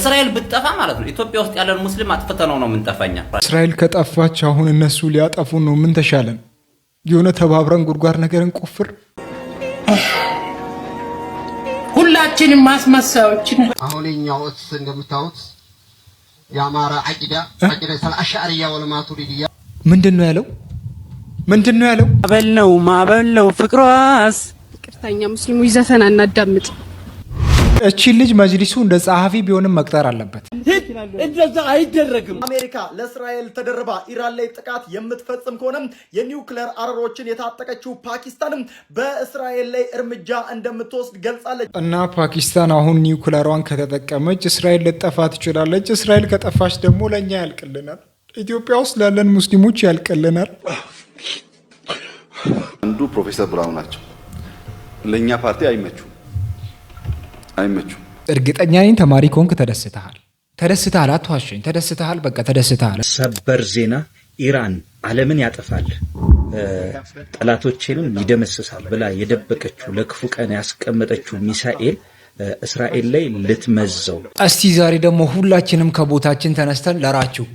እስራኤል ብትጠፋ ማለት ነው ኢትዮጵያ ውስጥ ያለን ሙስሊም አጥፍተነው ነው የምንጠፋኛ። እስራኤል ከጠፋች አሁን እነሱ ሊያጠፉን ነው። ምን ተሻለን? የሆነ ተባብረን ጉድጓድ ነገርን ቆፍር። ሁላችንም ማስመሳዮች አሁን ኛውት እንደምታዩት የአማራ አቂዳ አቂዳ አሻርያ ወለማቱ ወለማቱሪድያ ምንድን ነው ያለው? ምንድን ነው ያለው? ማበል ነው ማበል ነው ፍቅሯስ ቅርታኛ ሙስሊሙ ይዘተና እናዳምጥ እቺን ልጅ መጅሊሱ እንደ ጸሐፊ ቢሆንም መቅጠር አለበት። እንደዛ አይደረግም። አሜሪካ ለእስራኤል ተደርባ ኢራን ላይ ጥቃት የምትፈጽም ከሆነም የኒውክለር አረሮችን የታጠቀችው ፓኪስታንም በእስራኤል ላይ እርምጃ እንደምትወስድ ገልጻለች። እና ፓኪስታን አሁን ኒውክለሯን ከተጠቀመች እስራኤል ልጠፋ ትችላለች። እስራኤል ከጠፋች ደግሞ ለእኛ ያልቅልናል። ኢትዮጵያ ውስጥ ላለን ሙስሊሞች ያልቅልናል። አንዱ ፕሮፌሰር ብርሃኑ ናቸው። ለእኛ ፓርቲ አይመቹ አይመችም። እርግጠኛ ነኝ ተማሪ ከሆንክ ተደስተሃል። ተደስተሃል፣ አትዋሸኝ። ተደስተሃል፣ በቃ ተደስተሃል። ሰበር ዜና ኢራን ዓለምን ያጠፋል ጠላቶቼንም ይደመስሳል ብላ የደበቀችው ለክፉ ቀን ያስቀመጠችው ሚሳኤል እስራኤል ላይ ልትመዘው። እስቲ ዛሬ ደግሞ ሁላችንም ከቦታችን ተነስተን ለራችሁ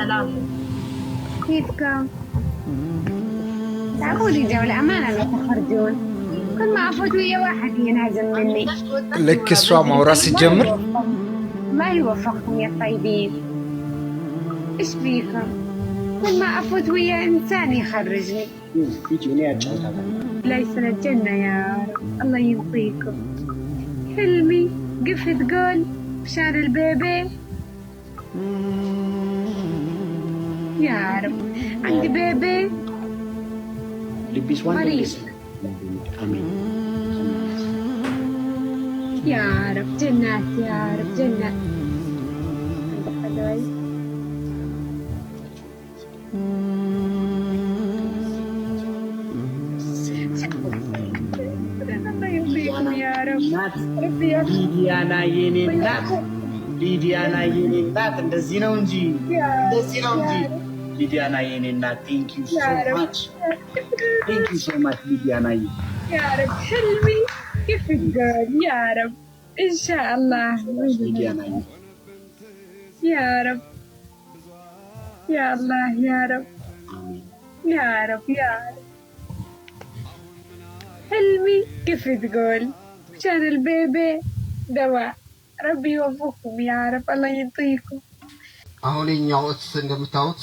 ሰላም تعقولي جو الأمانة لا تخرجون كل ما أفوت ويا واحد ينهزم مني لك السوا مع راسي جمر ما يوفقكم يا الطيبين إيش بيكم كل ما أفوت ويا إنسان يخرجني لا ليس الجنة يا رب الله ينطيكم حلمي قفت قول بشار البيبي يا رب عندي بيبي Libis one Maris. Amin. Ya Rab Jannat, Ya Rab Jannat. ሊዲያና የኔ እናት ሊዲያና የኔ እናት እንደዚህ ነው እንጂ እንደዚህ ነው እንጂ ሊዲያና የኔ እናት ቴንክ ዩ ሶ ማች ثانك يو سو ماتش ليديا نايف يا رب حلمي كيف الجول يا رب ان شاء الله ليديا نايف يا رب يا الله يا رب يا رب يا رب حلمي كيف تقول مشان البيبي دواء ربي يوفقكم يا رب الله يعطيكم አሁን የኛው እንደምታዩት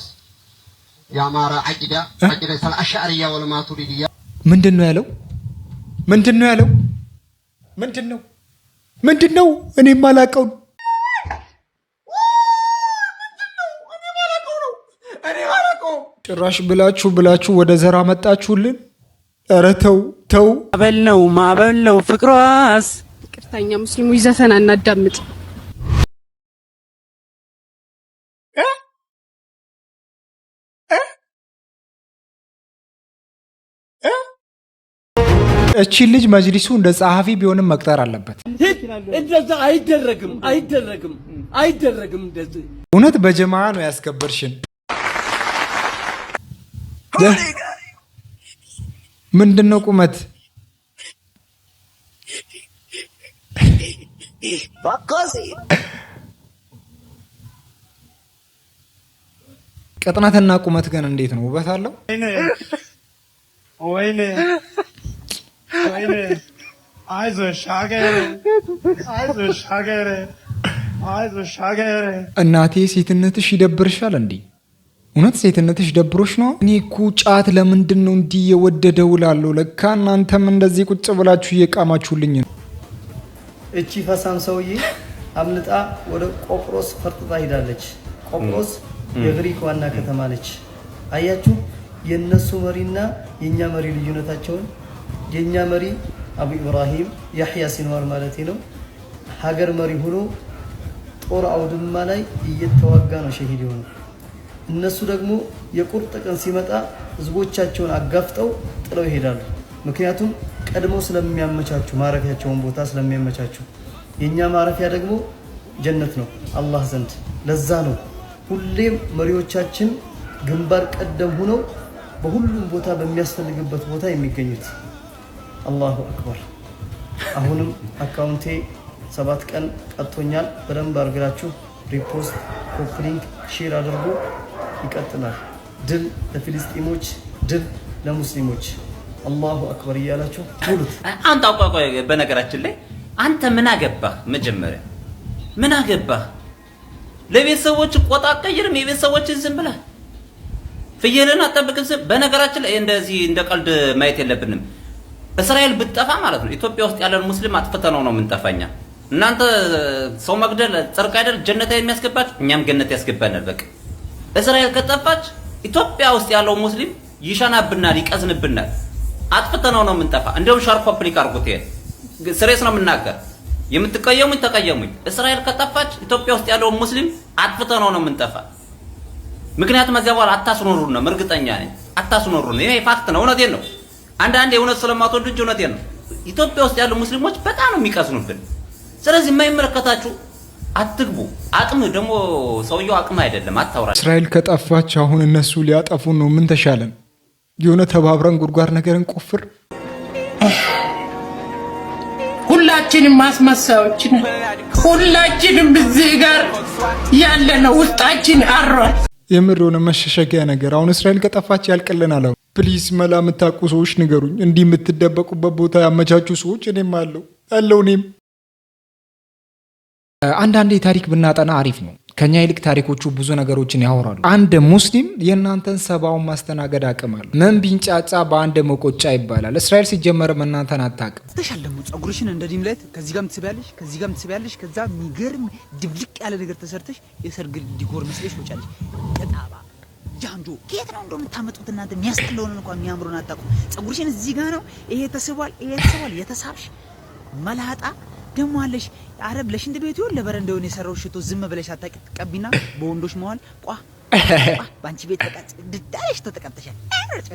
የአማራ አቂዳ አቂዳ ሰል አሻሪያ ወልማቱሪዲያ ምንድን ነው ያለው? ምንድን ነው ያለው? ምንድን ነው ምንድን ነው? እኔም ማላቀው? ጭራሽ ብላችሁ ብላችሁ ወደ ዘር አመጣችሁልን። ኧረ ተው ተው። ነው ማበል ነው ፍቅሯስ። ቅርታኛ ሙስሊሙ ይዘፈን አናዳምጥ እቺ ልጅ መጅሊሱ እንደ ጸሐፊ ቢሆንም መቅጠር አለበት። እንደዛ አይደረግም፣ አይደረግም፣ አይደረግም። እንደዚህ እውነት በጀማ ነው ያስከበርሽን። ምንድን ነው ቁመት? ቅጥነትና ቁመት ግን እንዴት ነው? ውበት አለው ወይኔ Meine. Also Schagere. also Schagere. also ሻገር እናቴ ሴትነትሽ ይደብርሻል እንዴ? እውነት ሴትነትሽ ደብሮሽ ነው? እኔ እኮ ጫት ለምንድን ነው እንዲህ የወደደው እላለሁ። ለካ እናንተም እንደዚህ ቁጭ ብላችሁ እየቃማችሁልኝ ነው። እቺ ፈሳም ሰውዬ አምልጣ ወደ ቆጵሮስ ፈርጥጣ ሂዳለች። ቆጵሮስ የግሪክ ዋና ከተማ ነች። አያችሁ የእነሱ መሪና የእኛ መሪ ልዩነታቸውን የእኛ መሪ አቡ ኢብራሂም ያሕያ ሲንዋር ማለት ነው። ሀገር መሪ ሆኖ ጦር አውድማ ላይ እየተዋጋ ነው ሸሂድ የሆነው። እነሱ ደግሞ የቁርጥ ቀን ሲመጣ ህዝቦቻቸውን አጋፍጠው ጥለው ይሄዳሉ። ምክንያቱም ቀድሞ ስለሚያመቻቸው ማረፊያቸውን ቦታ ስለሚያመቻቸው፣ የእኛ ማረፊያ ደግሞ ጀነት ነው አላህ ዘንድ። ለዛ ነው ሁሌም መሪዎቻችን ግንባር ቀደም ሆነው በሁሉም ቦታ በሚያስፈልግበት ቦታ የሚገኙት። አላሁ አክበር። አሁንም አካውንቴ ሰባት ቀን ቀጥቶኛል። በደንብ አድርጋችሁ ሪፖስት፣ ኮፕሊንግ፣ ሼር አድርጎ ይቀጥላል። ድል ለፊልስጢሞች፣ ድል ለሙስሊሞች። አላሁ አክበር እያላችሁ ሙሉት። አንተ አቋቋ በነገራችን ላይ አንተ ምን አገባህ? መጀመሪያ ምን አገባህ? ለቤተሰቦች ቆጣ አትቀይርም? የቤተሰቦችን ዝም ብለህ ፍየልን አትጠብቅም? በነገራችን ላይ እንደዚህ እንደ ቀልድ ማየት የለብንም። እስራኤል ብትጠፋ ማለት ነው ኢትዮጵያ ውስጥ ያለን ሙስሊም አጥፍተነው ነው የምንጠፋኛ። እናንተ ሰው መግደል ጽርቅ አይደል? ጀነት የሚያስገባች እኛም ገነት ያስገባናል። በቃ እስራኤል ከጠፋች ኢትዮጵያ ውስጥ ያለው ሙስሊም ይሸናብናል፣ ይቀዝንብናል። አጥፍተነው ነው የምንጠፋ። እንደውም ሻርፕ አፕሊክ አድርጉት። ይሄ ስሬስ ነው የምናገር። የምትቀየሙኝ ተቀየሙኝ። እስራኤል ከጠፋች ኢትዮጵያ ውስጥ ያለው ሙስሊም አጥፍተነው ነው የምንጠፋ። ምክንያቱም እዚያ በኋላ አታስኖሩን ነው፣ እርግጠኛ ነኝ አታስኖሩን። ይሄ ፋክት ነው፣ እውነቴን ነው። አንዳንድ የእውነት ስለማትወዱ እንጂ እውነቴን ነው። ኢትዮጵያ ውስጥ ያሉ ሙስሊሞች በጣም ነው የሚቀስኑብን። ስለዚህ የማይመለከታችሁ አትግቡ። አቅም ደግሞ ሰውየው አቅም አይደለም አታውራ። እስራኤል ከጠፋች አሁን እነሱ ሊያጠፉ ነው። ምን ተሻለን? የሆነ ተባብረን ጉድጓድ ነገርን ቆፍር። ሁላችንም ማስመሳዮች ነን። ሁላችንም እዚህ ጋር ያለ ነው። ውስጣችን አሯል። የምር የሆነ መሸሸጊያ ነገር አሁን እስራኤል ከጠፋች ያልቅልናል። ፕሊስ መላ የምታውቁ ሰዎች ንገሩኝ። እንዲህ የምትደበቁበት ቦታ ያመቻቹ ሰዎች እኔም አለው አለው እኔም አንዳንዴ ታሪክ ብናጠና አሪፍ ነው። ከኛ ይልቅ ታሪኮቹ ብዙ ነገሮችን ያወራሉ። አንድ ሙስሊም የእናንተን ሰብአውን ማስተናገድ አቅም አለ። ምን ቢንጫጫ በአንድ መቆጫ ይባላል። እስራኤል ሲጀመርም እናንተን አታውቅም። ተሻል ጸጉርሽን እንደ ዲም ከዚህ ጋርም ትስቢያለሽ፣ ከዚህ ጋርም ትስቢያለሽ። ከዛ ሚገርም ድብልቅ ያለ ነገር ተሰርተሽ የሰርግ ዲኮር መስለሽ ወጫለሽ። ጠጣባ ጃንጆ ከየት ነው እንደው የምታመጡት እናንተ? የሚያስጥለውን እንኳን የሚያምሩን አታውቁም። ጸጉርሽን እዚህ ጋር ነው ይሄ ተስቧል፣ ይሄ ተስቧል። የተሳብሽ መላጣ ደግሞ አለሽ። አረብ ለሽንት ቤት ይሁን ለበረንዳው የሰራው ሽቶ ዝም ብለሽ አታቀቢና በወንዶች መዋል ቋ ባንቺ ቤት ተቀጥ ድዳሽ ጨርዛ አረጨ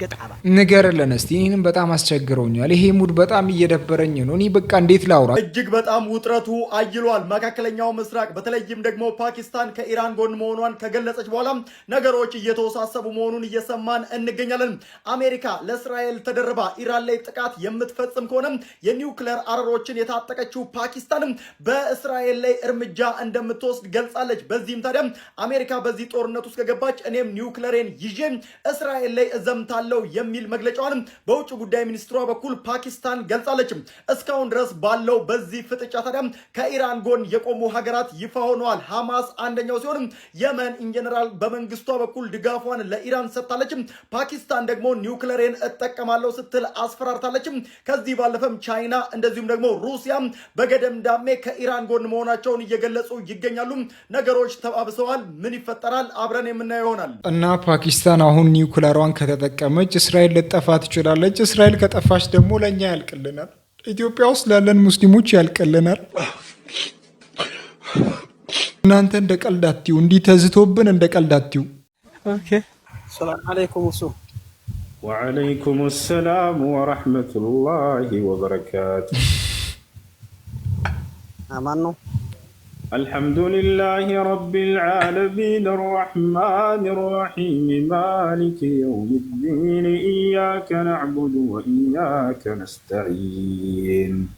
ገጣባ ንገርልን እስቲ። ይህንም በጣም አስቸግረውኛል። ይሄ ሙድ በጣም እየደበረኝ ነው። እኔ በቃ እንዴት ላውራ? እጅግ በጣም ውጥረቱ አይሏል። መካከለኛው ምስራቅ በተለይም ደግሞ ፓኪስታን ከኢራን ጎን መሆኗን ከገለጸች በኋላ ነገሮች እየተወሳሰቡ መሆኑን እየሰማን እንገኛለን። አሜሪካ ለእስራኤል ተደርባ ኢራን ላይ ጥቃት የምትፈጽም ከሆነ የኒውክሌር አረሮችን የታጠቀችው ፓኪስታንም በእስራኤል ላይ እርምጃ እንደምትወስድ ገልጻለች። በዚህም ታዲያ አሜሪካ በዚህ ጦርነት ውስጥ ከገባች እኔም ኒውክሌሬን ይዤ እስራኤል ላይ እዘምታለሁ አለው የሚል መግለጫዋንም በውጭ ጉዳይ ሚኒስትሯ በኩል ፓኪስታን ገልጻለች። እስካሁን ድረስ ባለው በዚህ ፍጥጫ ታዲያም ከኢራን ጎን የቆሙ ሀገራት ይፋ ሆነዋል። ሐማስ አንደኛው ሲሆንም የመን ኢንጀነራል በመንግስቷ በኩል ድጋፏን ለኢራን ሰጥታለች። ፓኪስታን ደግሞ ኒውክለሬን እጠቀማለሁ ስትል አስፈራርታለች። ከዚህ ባለፈም ቻይና እንደዚሁም ደግሞ ሩሲያ በገደም ዳሜ ከኢራን ጎን መሆናቸውን እየገለጹ ይገኛሉ። ነገሮች ተባብሰዋል። ምን ይፈጠራል? አብረን የምናየው ይሆናል እና ፓኪስታን አሁን ኒውክለሯን ከተጠቀመ ከቆመች እስራኤል ልጠፋ ትችላለች። እስራኤል ከጠፋች ደግሞ ለእኛ ያልቅልናል፣ ኢትዮጵያ ውስጥ ላለን ሙስሊሞች ያልቅልናል። እናንተ እንደ ቀልድ አትዩ፣ እንዲህ ተዝቶብን እንደ ቀልድ አትዩ። ሰላም አለይኩም እሱ ወዓለይኩም ሰላም ወረሕመቱላሂ ወበረካቱ። አማን ነው الحمد لله رب العالمين الرحمن الرحيم مالك يوم الدين إياك نعبد وإياك نستعين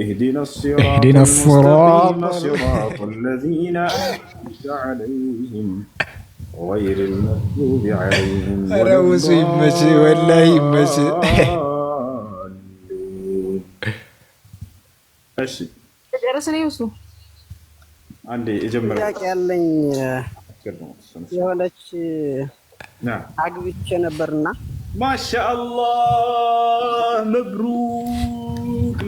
اهدنا الصراط اهدنا الصراط صراط الذين أنعمت عليهم غير المغضوب عليهم أنا الضالين مشي አንዴ የጀመረው ጥያቄ ያለኝ የሆነች አግብቼ ነበርና መብሩክ።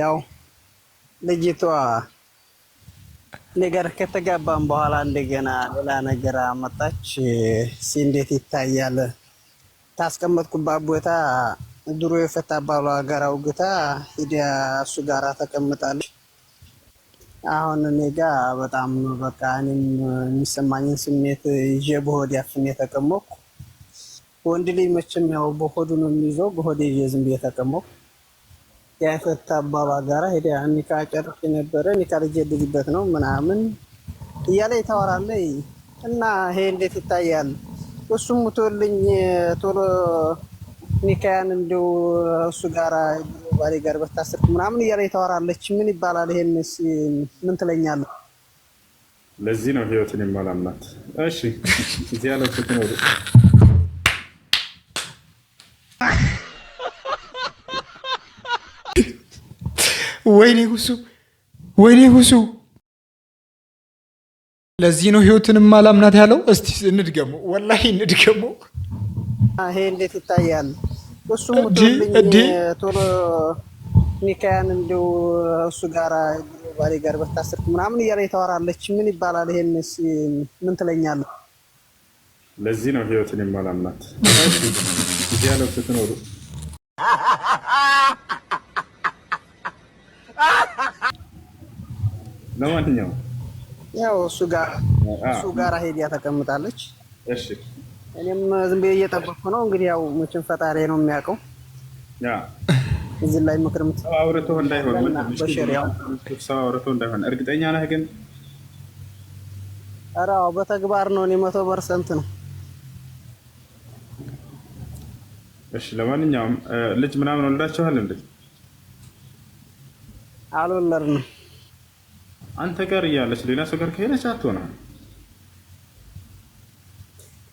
ያው ልጅቷ ነገር ከተጋባን በኋላ እንደገና ሌላ ነገር አመጣች። እስኪ እንዴት ይታያል? ታስቀመጥኩባት ቦታ ድሮ የፈታ ባሏ ጋር አውግታ ሂዲያ እሱ ጋር ተቀምጣለች። አሁን እኔ ጋ በጣም በቃ እኔም የሚሰማኝን ስሜት ይዤ በሆድ ያፍን የተቀመኩ ወንድ ልጅ መቼም ያው በሆዱ ነው የሚይዘው። በሆድ ይዤ ዝም ብዬ ተቀመኩ። የፈታ ባሏ ጋራ ሄዲያ ኒካ ጨርሼ ነበረ ኒካ ልጅ የልጅበት ነው ምናምን እያለ ታወራለች እና ይሄ እንዴት ይታያል? እሱም ቶልኝ ቶሎ ኒካያን እንዲሁ እሱ ጋር ባሌ ጋር በታሰርኩ ምናምን እያለ የተዋራለች ምን ይባላል? ይሄን ምን ትለኛለ? ለዚህ ነው ህይወትን የማላምናት። እሺ እዚህ ያለ ትኖሩ ወይኔ ሁሱ ወይኔ ሁሱ ለዚህ ነው ህይወትን ማላምናት ያለው። እስቲ እንድገሙ፣ ወላሂ እንድገሙ። ይሄ እንዴት ይታያል? እሱ ቶሎ ኒካያን እንዲሁ እሱ ጋር ባሌ ጋር በታሰርክ ምናምን እያለ ታወራለች። ምን ይባላል? ይሄን ምን ትለኛለህ? ለዚህ ነው ህይወትን የማላምናት ያለው ስትኖሩ ለማንኛውም ያው እሱ ጋር እሱ ጋራ ሄዲያ ተቀምጣለች። እሺ እኔም ዝም ብዬ እየጠበኩ ነው። እንግዲህ ያው መቼም ፈጣሪ ነው የሚያውቀው። እዚህ ላይ ምክር ሰው አውርቶ እንዳይሆን እርግጠኛ ነህ ግን? ኧረ አዎ በተግባር ነው። እኔ መቶ ፐርሰንት ነው። እሺ ለማንኛውም ልጅ ምናምን ወልዳችኋል እንዴ? አልወለድንም። አንተ ጋር እያለች ሌላ ሰው ጋር ከሄደች አትሆናል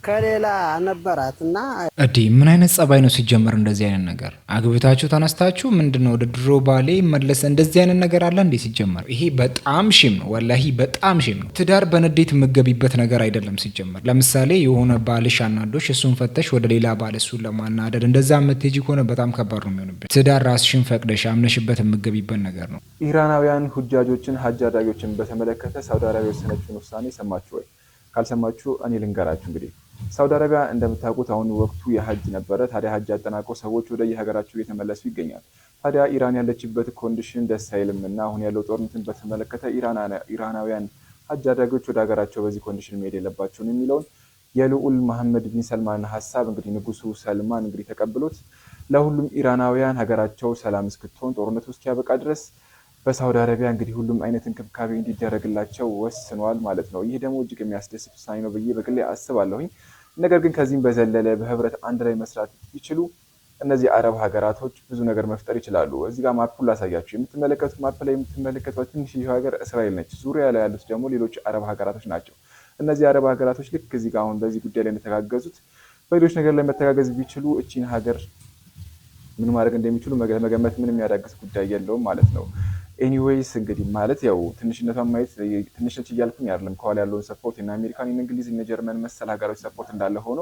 ከሌላ ነበራት እና እዲ ምን አይነት ጸባይ ነው ሲጀመር? እንደዚህ አይነት ነገር አግብታችሁ ተነስታችሁ ምንድን ነው ወደ ድሮ ባሌ መለሰ እንደዚህ አይነት ነገር አለ እንዴ? ሲጀመር ይሄ በጣም ሺም ነው፣ ወላሂ በጣም ሺም ነው። ትዳር በንዴት የምገቢበት ነገር አይደለም ሲጀመር። ለምሳሌ የሆነ ባልሽ አናዶሽ እሱን ፈተሽ ወደ ሌላ ባል እሱን ለማናደድ እንደዛ የምትሄጂ ከሆነ በጣም ከባድ ነው የሚሆንበት። ትዳር ራስሽን ፈቅደሽ አምነሽበት የምገቢበት ነገር ነው። ኢራናውያን ሁጃጆችን ሀጅ አዳጊዎችን በተመለከተ ሳውዲ አረቢያ የወሰነችውን ውሳኔ ሰማችሁ ወይ? ካልሰማችሁ እኔ ልንገራችሁ እንግዲህ ሳውዲ አረቢያ እንደምታውቁት አሁን ወቅቱ የሀጅ ነበረ። ታዲያ ሀጅ አጠናቀው ሰዎች ወደ የሀገራቸው እየተመለሱ ይገኛል። ታዲያ ኢራን ያለችበት ኮንዲሽን ደስ አይልም እና አሁን ያለው ጦርነትን በተመለከተ ኢራናውያን ሀጅ አዳጊዎች ወደ ሀገራቸው በዚህ ኮንዲሽን መሄድ የለባቸውን የሚለውን የልዑል መሐመድ ቢን ሰልማን ሀሳብ እንግዲህ ንጉሱ ሰልማን እንግዲህ ተቀብሎት ለሁሉም ኢራናውያን ሀገራቸው ሰላም እስክትሆን ጦርነቱ እስኪያበቃ ድረስ በሳውዲ አረቢያ እንግዲህ ሁሉም አይነት እንክብካቤ እንዲደረግላቸው ወስኗል ማለት ነው። ይህ ደግሞ እጅግ የሚያስደስት ውሳኔ ነው ብዬ በግሌ አስባለሁኝ። ነገር ግን ከዚህም በዘለለ በህብረት አንድ ላይ መስራት ይችሉ እነዚህ አረብ ሀገራቶች ብዙ ነገር መፍጠር ይችላሉ። እዚህ ጋር ማፕ ላሳያችሁ። የምትመለከቱት ማፕ ላይ የምትመለከቷ ትንሽ ሀገር እስራኤል ነች። ዙሪያ ላይ ያሉት ደግሞ ሌሎች አረብ ሀገራቶች ናቸው። እነዚህ አረብ ሀገራቶች ልክ እዚህ ጋር አሁን በዚህ ጉዳይ ላይ እንደተጋገዙት በሌሎች ነገር ላይ መተጋገዝ ቢችሉ እቺን ሀገር ምን ማድረግ እንደሚችሉ መገመት ምንም ያዳግስ ጉዳይ የለውም ማለት ነው። ኤኒዌይስ እንግዲህ ማለት ያው ትንሽነቷን ማየት ትንሽ ነች እያልኩኝ አይደለም። ከኋላ ያለውን ሰፖርት እና አሜሪካን፣ እንግሊዝ፣ ጀርመን መሰል ሀገሮች ሰፖርት እንዳለ ሆኖ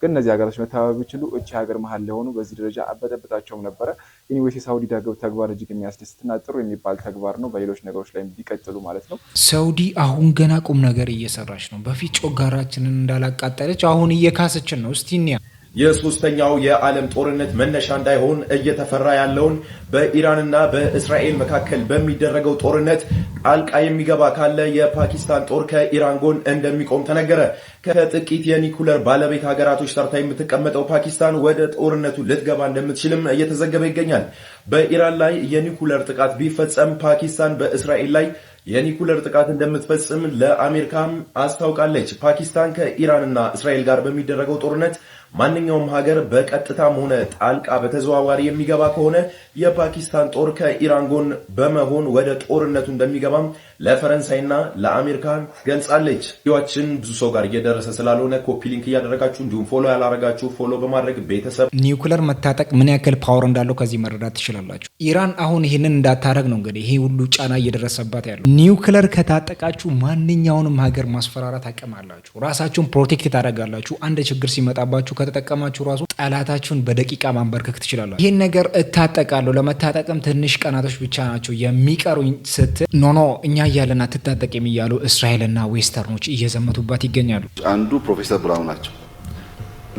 ግን እነዚህ ሀገሮች መተባበር ቢችሉ እቺ ሀገር መሀል ለሆኑ በዚህ ደረጃ አበጠብጣቸውም ነበረ። ኤኒዌይስ የሳውዲ ዳገብ ተግባር እጅግ የሚያስደስትና ጥሩ የሚባል ተግባር ነው። በሌሎች ነገሮች ላይ ቢቀጥሉ ማለት ነው። ሳውዲ አሁን ገና ቁም ነገር እየሰራች ነው። በፊት ጮጋራችንን እንዳላቃጠለች አሁን እየካሰችን ነው። እስቲ እንያ የሶስተኛው የዓለም ጦርነት መነሻ እንዳይሆን እየተፈራ ያለውን በኢራንና በእስራኤል መካከል በሚደረገው ጦርነት ጣልቃ የሚገባ ካለ የፓኪስታን ጦር ከኢራን ጎን እንደሚቆም ተነገረ። ከጥቂት የኒኩለር ባለቤት ሀገራቶች ተርታ የምትቀመጠው ፓኪስታን ወደ ጦርነቱ ልትገባ እንደምትችልም እየተዘገበ ይገኛል። በኢራን ላይ የኒኩለር ጥቃት ቢፈጸም ፓኪስታን በእስራኤል ላይ የኒኩለር ጥቃት እንደምትፈጽም ለአሜሪካም አስታውቃለች። ፓኪስታን ከኢራንና እስራኤል ጋር በሚደረገው ጦርነት ማንኛውም ሀገር በቀጥታም ሆነ ጣልቃ በተዘዋዋሪ የሚገባ ከሆነ የፓኪስታን ጦር ከኢራን ጎን በመሆን ወደ ጦርነቱ እንደሚገባም ለፈረንሳይና ለአሜሪካ ገልጻለች። ችን ብዙ ሰው ጋር እየደረሰ ስላልሆነ ኮፒ ሊንክ እያደረጋችሁ እንዲሁም ፎሎ ያላረጋችሁ ፎሎ በማድረግ ቤተሰብ ኒውክለር መታጠቅ ምን ያክል ፓወር እንዳለው ከዚህ መረዳት ትችላላችሁ። ኢራን አሁን ይህንን እንዳታረግ ነው እንግዲህ ይሄ ሁሉ ጫና እየደረሰባት ያለው። ኒውክለር ከታጠቃችሁ ማንኛውንም ሀገር ማስፈራራት አቅም አላችሁ። ራሳችሁን ፕሮቴክት ታደረጋላችሁ። አንድ ችግር ሲመጣባችሁ ከተጠቀማችሁ ራሱ ጠላታችሁን በደቂቃ ማንበርከክ ትችላላችሁ። ይህን ነገር እታጠቃለሁ ለመታጠቅም ትንሽ ቀናቶች ብቻ ናቸው የሚቀሩኝ ስትል ኖኖ እኛ ያለና አትታጠቂም እያሉ እስራኤልና ዌስተርኖች እየዘመቱባት ይገኛሉ። አንዱ ፕሮፌሰር ብራውን ናቸው።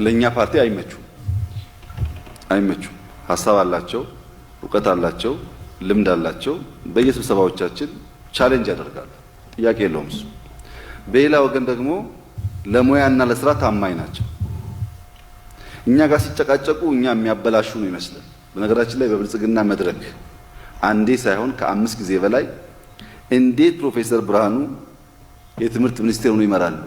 ለእኛ ፓርቲ አይመቹ አይመቹ ሀሳብ አላቸው፣ እውቀት አላቸው፣ ልምድ አላቸው። በየስብሰባዎቻችን ቻሌንጅ ያደርጋሉ። ጥያቄ የለውም እሱ። በሌላ ወገን ደግሞ ለሙያና ለስራ ታማኝ ናቸው። እኛ ጋር ሲጨቃጨቁ እኛ የሚያበላሹ ነው ይመስላል። በነገራችን ላይ በብልጽግና መድረክ አንዴ ሳይሆን ከአምስት ጊዜ በላይ እንዴት ፕሮፌሰር ብርሃኑ የትምህርት ሚኒስቴር ነው ይመራሉ?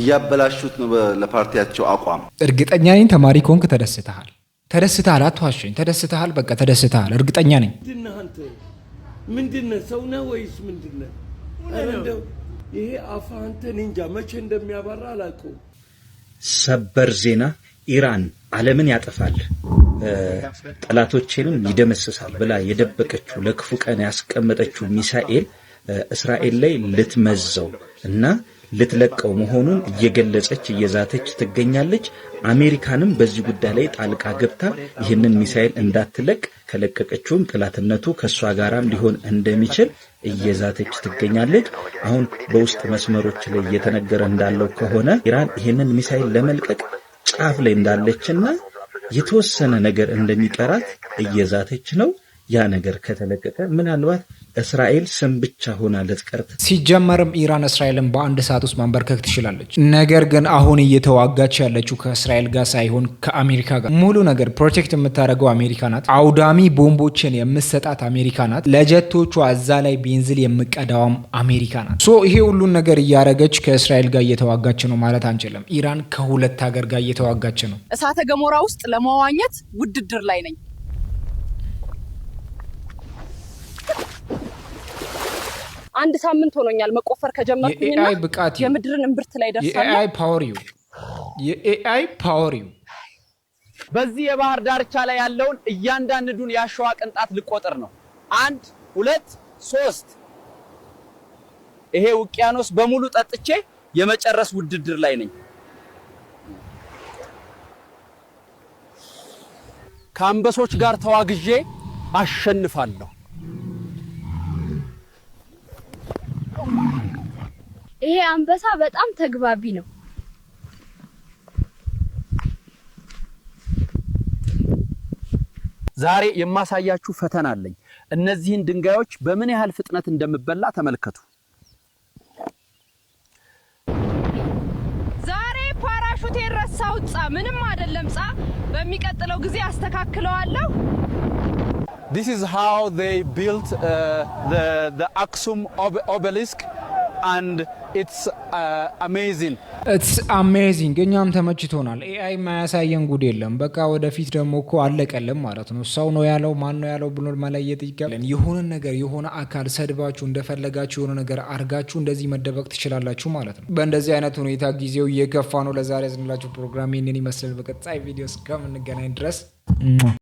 እያበላሹት ነው ለፓርቲያቸው አቋም። እርግጠኛ ነኝ ተማሪ ከሆንክ ተደስተሃል፣ ተደስተሃል። አትዋሸኝ፣ ተደስተሃል። በቃ ተደስተሃል፣ እርግጠኛ ነኝ። ምንድነ ሰው ነህ ወይስ ምንድነህ? ይሄ አፋ አንተ እኔ እንጃ መቼ እንደሚያበራ አላውቀውም። ሰበር ዜና ኢራን ዓለምን ያጠፋል ጠላቶችንም ይደመስሳል ብላ የደበቀችው ለክፉ ቀን ያስቀመጠችው ሚሳኤል እስራኤል ላይ ልትመዘው እና ልትለቀው መሆኑን እየገለጸች እየዛተች ትገኛለች። አሜሪካንም በዚህ ጉዳይ ላይ ጣልቃ ገብታ ይህንን ሚሳኤል እንዳትለቅ ከለቀቀችውም ጥላትነቱ ከእሷ ጋራም ሊሆን እንደሚችል እየዛተች ትገኛለች። አሁን በውስጥ መስመሮች ላይ እየተነገረ እንዳለው ከሆነ ኢራን ይህንን ሚሳኤል ለመልቀቅ ጫፍ ላይ እንዳለችና የተወሰነ ነገር እንደሚቀራት እየዛተች ነው። ያ ነገር ከተለቀቀ ምናልባት እስራኤል ስም ብቻ ሆና ልትቀር ሲጀመርም ኢራን እስራኤልን በአንድ ሰዓት ውስጥ ማንበርከክ ትችላለች። ነገር ግን አሁን እየተዋጋች ያለችው ከእስራኤል ጋር ሳይሆን ከአሜሪካ ጋር ሙሉ ነገር ፕሮቴክት የምታደርገው አሜሪካ ናት። አውዳሚ ቦምቦችን የምሰጣት አሜሪካ ናት። ለጀቶቿ እዛ ላይ ቤንዝል የምቀዳዋም አሜሪካ ናት። ሶ ይሄ ሁሉን ነገር እያደረገች ከእስራኤል ጋር እየተዋጋች ነው ማለት አንችልም። ኢራን ከሁለት ሀገር ጋር እየተዋጋች ነው። እሳተ ገሞራ ውስጥ ለመዋኘት ውድድር ላይ ነኝ። አንድ ሳምንት ሆኖኛል መቆፈር ከጀመርኩኝና የምድርን እምብርት ላይ ደርሳለሁ። ፓወር ዩ የኤአይ ፓወር ዩ በዚህ የባህር ዳርቻ ላይ ያለውን እያንዳንዱን የአሸዋ ቅንጣት ልቆጥር ነው። አንድ ሁለት ሶስት። ይሄ ውቅያኖስ በሙሉ ጠጥቼ የመጨረስ ውድድር ላይ ነኝ። ከአንበሶች ጋር ተዋግዤ አሸንፋለሁ። ይሄ አንበሳ በጣም ተግባቢ ነው። ዛሬ የማሳያችሁ ፈተና አለኝ። እነዚህን ድንጋዮች በምን ያህል ፍጥነት እንደምበላ ተመልከቱ። ዛሬ ፓራሹቴን ረሳሁት። ጻ ምንም አይደለም። ጻ በሚቀጥለው ጊዜ አስተካክለዋለሁ። This is how they built uh, the the Aksum obelisk አሜዚንግ uh, እኛም ተመችቶናል። ኤአይ የማያሳየን ጉድ የለም። በቃ ወደፊት ደግሞ እኮ አለቀለም ማለት ነው። ሰው ነው ያለው ማን ነው ያለው ብሎ መለየት ይቀለን። የሆነ ነገር የሆነ አካል ሰድባችሁ እንደፈለጋችሁ የሆነ ነገር አድርጋችሁ እንደዚህ መደበቅ ትችላላችሁ ማለት ነው። በእንደዚህ አይነት ሁኔታ ጊዜው እየከፋ ነው። ለዛሬ ያዝንላችሁ ፕሮግራም ይህንን ይመስላል። በቀጣይ ቪዲዮ እስከምንገናኝ ድረስ